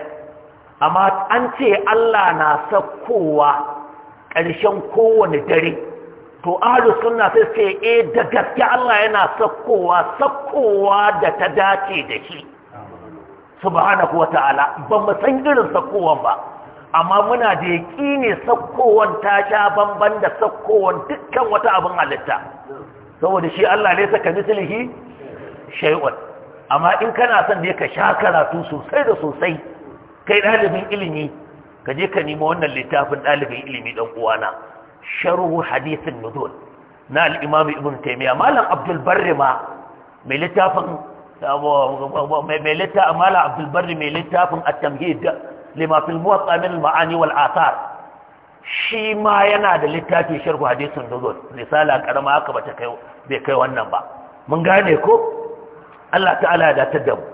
amma an ce Allah na saukowa ƙarshen kowane dare to ahalus suna sai ce eh da gaske Allah yana saukowa saukowa da ta dace da shi subhanahu ta'ala ba mu san irin saukowan ba amma muna da yaƙi ne saukowar ta sha bamban da saukowar dukkan wata abin halitta saboda shi Allah ne saka mislihi shay'un amma in kana son da ka sha karatu sosai da sosai kai ɗalibin ilimi ka je ka nima wannan littafin ɗalibin ilimi ɗan uwana sharhu hadithin nuzul na al ibn Taimiyya. malam abdul barri ma mai littafin mai littafin malam mai littafin tamhid lima fil muwatta min ma'ani wal athar shi ma yana da littafi sharh hadisin nuzul misala karama aka bata kai bai kai wannan ba mun gane ko Allah ta'ala ya datar da mu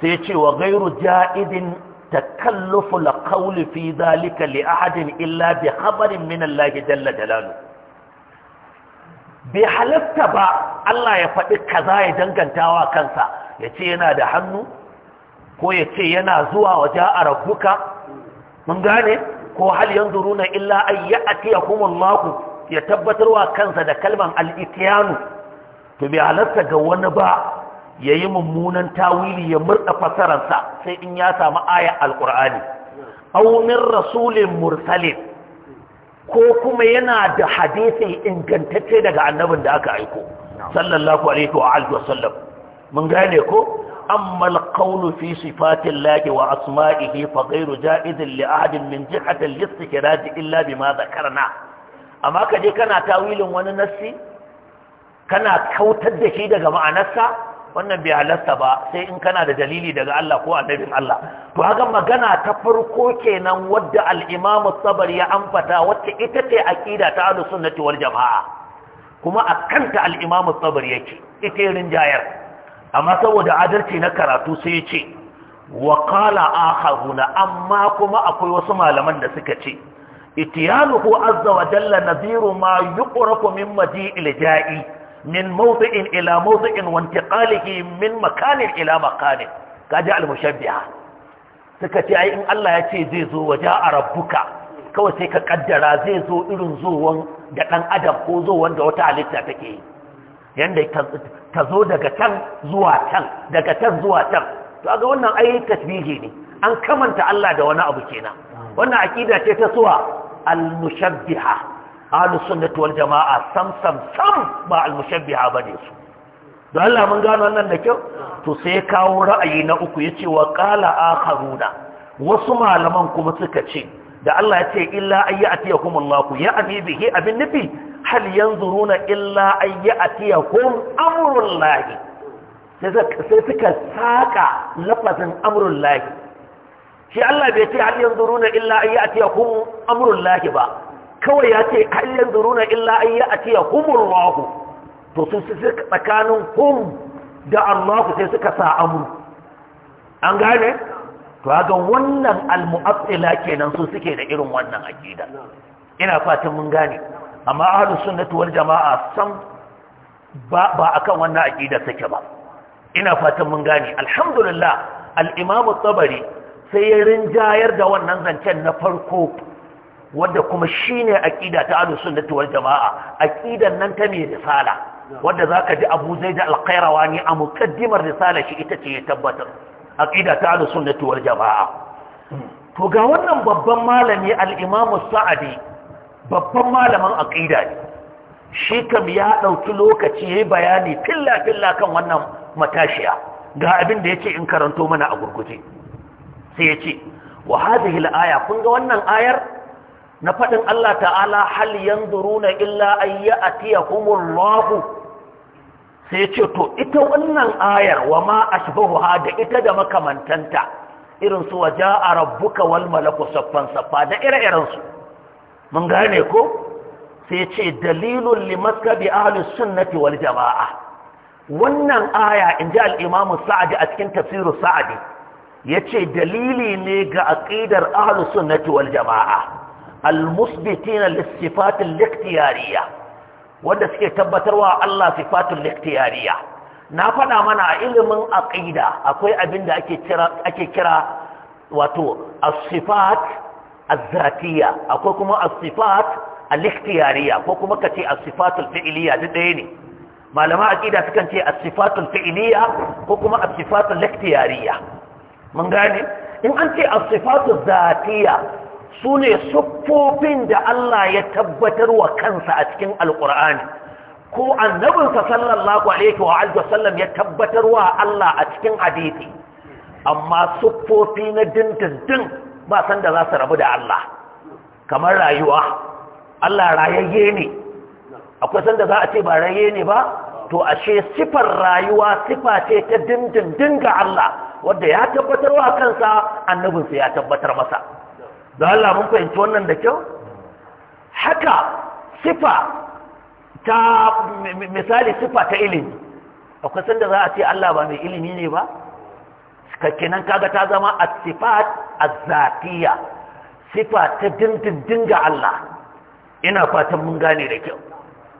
sai ce wa ghairu ja'idin takallufu la qawli fi dhalika li ahadin illa bi khabarin min Allah jalla jalaluhu bai halatta ba Allah ya faɗi kaza ya dangantawa kansa ya ce yana da hannu ko ya ce yana zuwa waje a rabbuka mun gane ko hal yanzuruna illa an maku ya tabbatarwa kansa da kalman al to bai halatta ga wani ba ya yi mummunan tawili ya murda fassararsa sai in ya samu aya alkur'ani aunin rasulin mursalin ko kuma yana da hadisi ingantacce daga annabin da aka aiko sallallahu alaihi wa alihi mun gane ko أما القول في صفات الله وأسمائه فغير جائز لأحد من جهة الاستخراج إلا بما ذكرنا أما كجي كان تاويل وننسي كان كوتد شيء دغ معنسا wannan bai halasta ba sai in kana da dalili daga Allah ko annabin Allah to haka magana ta farko kenan wadda al-Imam ya amfata wacce ita ce aƙida ta Ahlus Jamaa kuma a kanta imam tsabar yake ita rinjayar amma saboda adalci na karatu sai ce wa qala akharuna amma kuma akwai wasu malaman da suka ce itiyanuhu azza wa jalla nadhiru ma yuqraku min maji'il ja'i min mawdi'in ila mawdi'in wa intiqalihi min makanin ila makanin kaji al-mushabbiha suka ce ai in Allah ya ce zai zo wajen a rabbuka kawai sai ka kaddara zai zo irin zowan da dan adam ko zowan da wata halitta take yi yanda ta zo daga can zuwa can daga can zuwa can to aga wannan ai tasbihi ne an kamanta Allah da wani abu kenan wannan akida ce ta suwa al-mushabbiha al sunnati wal jamaa sam sam sam ba al-mushabbiha bane su da Allah mun gano wannan da kyau to sai kawo ra'ayi na uku yace wa qala akharuna wasu malaman kuma suka ce da Allah ya ce illa ayya ay ya'tiyakum Allah ku ya'ti bihi abin nufi hal yanzuruna illa ayya ay ya'tiyakum amrul lahi sai suka saka lafazin amrul lahi shi Allah bai ce hal yanzuruna illa ay ya'tiyakum amrul lahi ba kawai ya ce hal yanzuruna illa ay ya'tiyakum Allah to sun suka tsakanin hum da Allah sai suka sa amru an gane to haka wannan almu'attila kenan su suke da irin wannan aqida ina fatan mun gane amma ahlus sunnati wal jama'a sam ba ba akan wannan aqida suke ba ina fatan mun gane alhamdulillah al-imam at-tabari sai ya rinjayar da wannan zancen na farko wadda kuma shine aqida ta ahlus sunnati wal jama'a aqidan nan ta mai risala wadda zaka ji Abu Zaid al-Qayrawani a muƙaddimar risala shi ita ce ya tabbatar aqida ta ahlus sunnati wal jamaa to ga wannan babban malami al-imam sa'adi babban malamin aqida ne shi kam ya dauki lokaci yayi bayani filla filla kan wannan matashiya ga abin da yake in karanto mana a gurguje sai yace wa hadhihi al-aya kun ga wannan ayar na fadin Allah ta'ala hal yanzuruna illa an sai ce to ita wannan ayar wa ma ashbahuha da ita da makamantanta irin su waja'a rabbuka wal malaku saffan saffa da ire-iren su mun gane ko sai ce dalilun limaskabi ahlus sunnati wal jama'a wannan aya inji al-imam a cikin tafsirus sa'adi yace dalili ne ga aqidar ahlus sunnati wal jama'a al-musbitina lis-sifat ikhtiyariyah wanda suke tabbatarwa Allah sifatul ikhtiyariya na faɗa mana a ilimin aqida akwai abin da ake kira ake kira wato as-sifat az-zatiyya akwai kuma as-sifat al-ikhtiyariya ko kuma kace as-sifatul fi'liya duk ɗaya ne malama aqida sukan ce as-sifatul fi'liya ko kuma as-sifatul ikhtiyariya mun gane in an ce as-sifatul zatiyya su ne siffofin da Allah ya tabbatar wa kansa a cikin alƙur'ani ko annabinsa sallallahu alaihi wa alihi wasallam ya tabbatar wa Allah a cikin hadithi, amma siffofi na dindindin ba san da za su rabu da Allah kamar rayuwa Allah rayayye ne akwai sanda za a ce ba rayayye ne ba to ashe sifar rayuwa sifa ce ta dindindin ga Allah wadda ya tabbatar wa kansa annabinsa ya tabbatar masa da Allah mun fahimci wannan da kyau haka sifa ta misali sifa ta ilimi akwai sanda za a ce Allah ba mai ilimi ne ba kakkinan kaga ta zama a sifat a zatiyya sifa ta dindindin ga Allah ina fatan mun gane da kyau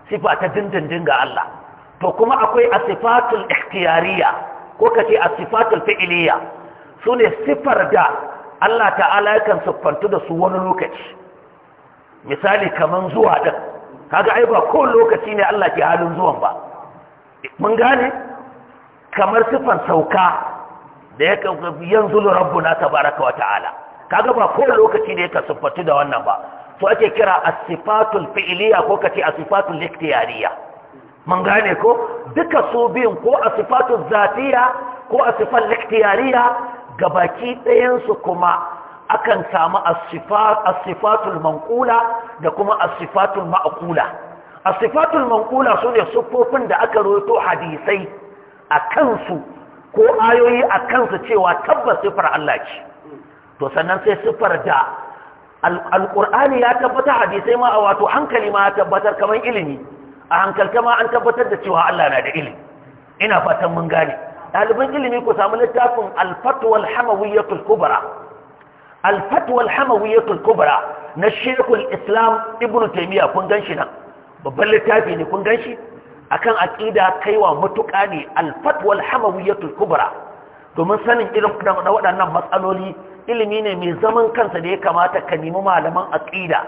sifa ta dindindin ga Allah to kuma akwai a sifatul ikhtiyariya ko kace a sifatul su sune sifar da Allah ta'ala yakan siffantu da su wani lokaci misali kaman zuwa din kaga ai ba ko lokaci ne Allah ke halin zuwan ba mun gane kamar siffan sauka da ya yanzu rabbuna tabaraka wa ta'ala kaga ba ko lokaci ne ka siffantu da wannan ba to ake kira as-sifatul fi'liya ko kace as-sifatul ikhtiyariya mun gane ko duka su biyun ko as-sifatul zatiya ko as-sifatul ikhtiyariya gabaki ɗayansu kuma akan samu asifatul manƙula da kuma asifatul ma'akula asifatul manƙula su ne siffofin da aka roto hadisai a kansu ko ayoyi a kansu cewa tabbas siffar Allah ce to sannan sai siffar da alƙur'ani ya tabbata hadisai ma a wato hankali ma ya tabbatar kamar ilimi a hankalta ma an tabbatar da cewa Allah na da ilimi ina fatan mun gane ɗaliban ilimi ku samu littafin alfatuwal hamawiyyatul kubra alfatuwal hamawiyyatul kubra na shekul islam Ibn taimiyya kun gan shi nan babban littafi ne kun gan shi akan aƙida kaiwa matuƙa ne alfatuwal hamawiyyatul kubra domin sanin irin na waɗannan matsaloli ilimi ne mai zaman kansa da ya kamata ka nemi malaman aƙida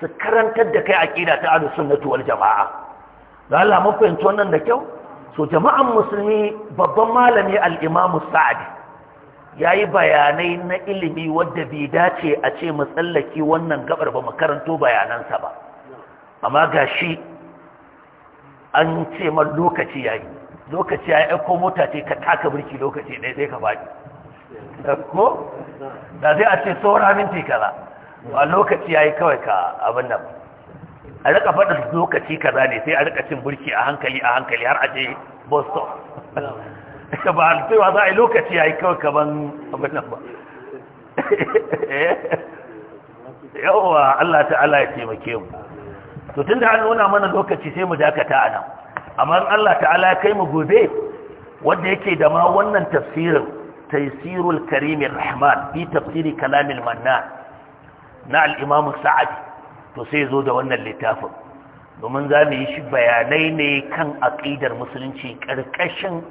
su karantar da kai aƙida ta ahlus sunnati wal jama'a da Allah mun fahimci wannan da kyau to jama'an musulmi babban malami al'imamu sa'adi ya yi bayanai na ilimi wadda bai dace a ce matsallaki wannan gabar ba makaranto bayanansa ba amma ga shi an ce ma lokaci ya yi lokaci ya yi ko mota ce ka taka birki lokaci ɗaya sai ka faɗi ko da zai a ce saura minti kaza a lokaci ya yi kawai ka abin nan a rika faɗin lokaci kaza ne sai a rika cin burki a hankali a hankali har aje boston ita (laughs) ba a cewa za a yi lokaci ya yi kawai kaban abin nan ba (laughs) yawwa Allah ta'ala ya taimake mu to tun da an nuna mana lokaci sai mu dakata a nan amma Allah ta'ala ya kai mu gobe wanda yake da ma wannan tafsirin taysirul karim rahman fi tafsiri kalamil mannan na al-imam sa'adi to sai zo da wannan littafin domin za mu yi shi bayanai ne kan aƙidar musulunci ƙarƙashin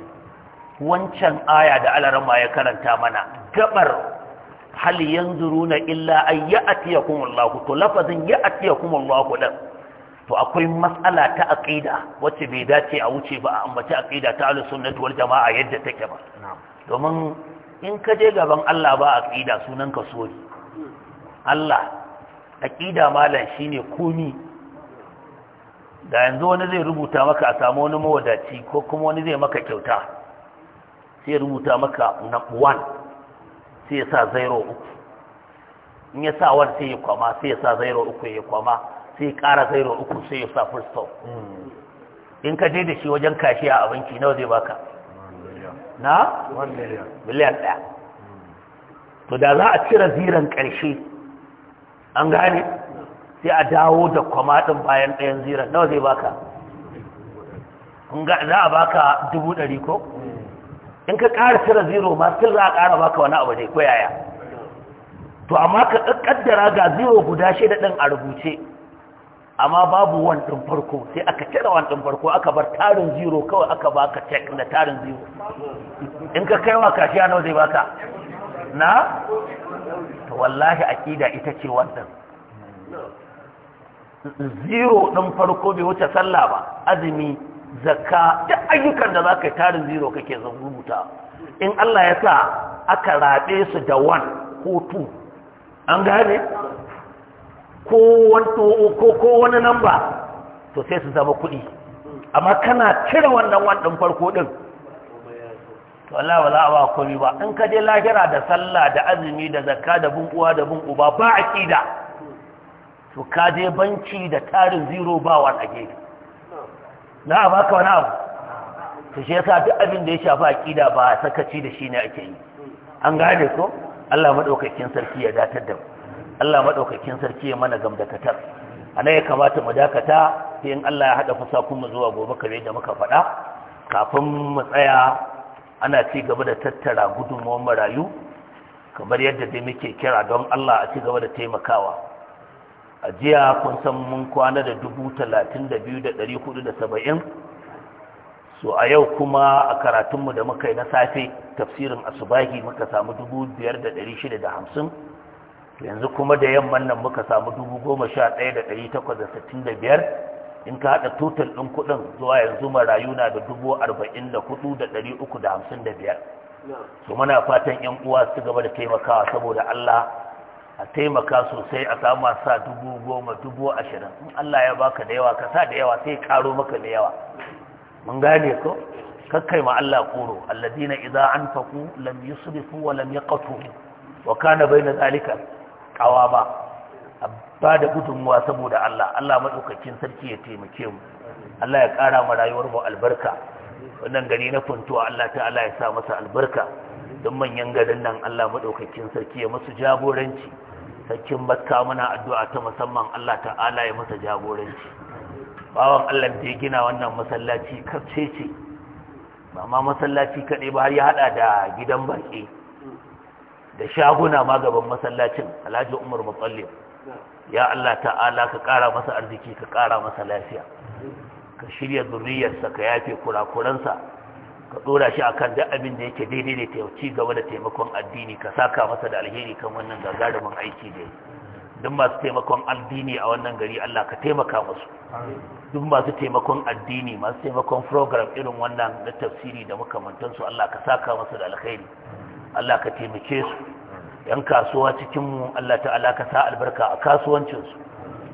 wancan aya da alarama ya karanta mana gabar hal yanzuruna illa an kuma Allah to lafazin kuma Allah din to akwai matsala ta ƙida wacce bai dace a wuce ba a ambaci aƙida ta alu sunnati wal jamaa yadda take ba domin in ka je gaban Allah ba aqida sunan ka sori Allah aƙida malam shine komi da yanzu wani zai rubuta maka a samu wani mawadaci ko kuma wani zai maka kyauta sai ya rubuta maka na one sai ya sa zairo uku in ya sa one sai ya kwama sai ya sa zairo uku ya kwama sai ya ƙara zairo uku sai ya sa full stop in ka je da shi wajen kashi a abinci nawa zai baka na? million 1 to da za a cire ziran ƙarshe an gane sai a dawo da kwamadin bayan ɗayan zira. nawa zai baka za a baka dubu ɗari ko in ka ƙara cire zero ma sun za a ƙara baka wani abu ne ko yaya to amma ka ƙaddara ga zero guda da ɗin a rubuce amma babu wancan farko sai aka cire wancan farko aka bar tarin zero kawai aka baka cek da tarin zero in ka kaiwa kashiya nawa zai baka na wallahi aqida ita ce wannan zero din farko bai wuce sallah ba azumi zakka duk ayyukan da zaka yi tarin ziro kake zan rubuta in Allah ya sa aka rabe su da one ko two an gane ko wani number to sai su zama kuɗi amma kana cire wannan wan ɗin farko ɗin to Allah ba za a ba komai ba in ka je lahira da sallah da azumi da zakka da bin uwa da bin uba ba aqida to ka je banci da tarin zero ba wa a na ba ka wani abu to shi yasa duk abin da ya shafi aqida ba sakaci da shi ne ake yi an gane ko Allah madaukakin sarki ya datar da mu Allah madaukakin sarki ya mana A ana ya kamata mu dakata sai in Allah ya hada fusa kuma zuwa gobe kare da muka faɗa kafin mu tsaya ana ci gaba da tattara gudunmuwan marayu kamar yadda dai muke kira don Allah a ci gaba da taimakawa a jiya kun san mun kwana da dubu talatin da biyu da ɗari hudu da saba'in so a yau kuma a karatunmu da muka yi na safe tafsirin asubahi muka samu dubu biyar da ɗari shida da hamsin yanzu kuma da yamman nan muka samu dubu goma sha ɗaya da ɗari takwas da sittin da biyar in ka haɗa total ɗin kuɗin zuwa yanzu marayu na da dubu arba'in da hudu da ɗari uku da hamsin da biyar su muna fatan yan uwa su gaba da taimakawa saboda Allah a taimaka sosai a samu sa dubu goma dubu ashirin in Allah ya baka da yawa ka sa da yawa sai karo maka da yawa mun gane ko kakkai ma Allah koro alladina idza anfaqu lam yusrifu wa lam yaqtu wa kana bayna zalika qawama ba da gudunmuwa saboda Allah Allah maɗaukakin sarki ya taimake mu Allah ya ƙara ma rayuwar mu albarka wannan gari na kuntuwa Allah Allah ya sa masa albarka don manyan garin nan Allah maɗaukakin sarki ya masu jagoranci sarkin makka muna addu'a ta musamman Allah ta'ala ya masa jagoranci bawan Allah da ya gina wannan masallaci karce ce ba ma masallaci kaɗai ba har ya haɗa da gidan baƙi da shaguna ma gaban masallacin Alhaji Umar Mutsallim ya Allah ta'ala ka ƙara masa arziki ka ƙara masa lafiya ka shirya zuriyarsa ka yafe kurakuransa ka dora shi akan duk abin da yake daidai da ta ci gaba da taimakon addini ka saka masa da alheri kan wannan gagarumin aiki da duk masu taimakon addini a wannan gari Allah ka taimaka musu duk masu taimakon addini masu taimakon program irin wannan na tafsiri da makamantansu Allah ka saka masa da alheri Allah ka taimake su yan kasuwa cikinmu Allah ta'ala ka sa albarka a kasuwancinsu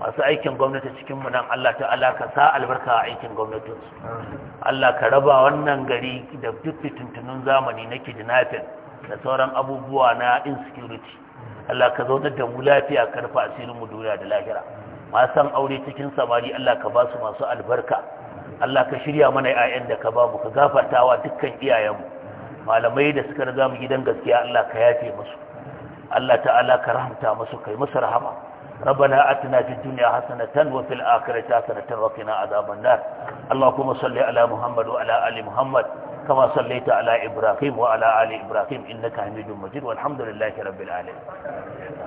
masu aikin gwamnati cikinmu nan Allah ta'ala ka sa albarka a aikin gwamnatinsu Allah ka raba wannan gari da duk fitintunin zamani na kidnapping da sauran abubuwa na insecurity Allah ka zaunar da mu lafiya karfa asirin mu duniya da lahira masan aure cikin samari Allah ka ba masu albarka Allah ka shirya mana 'ya'yan da ka ba mu ka gafartawa dukkan iyayenmu malamai da suka riga mu gidan gaskiya Allah ka yafe musu Allah ta'ala ka rahmta masu kai masu rahama rabana atina fid dunya hasanatan wa fil akhirati hasanatan wa qina adhaban nar Allahumma salli ala Muhammad wa ala ali Muhammad kama sallaita ala Ibrahim wa ala ali Ibrahim innaka Hamidum Majid walhamdulillahi rabbil alamin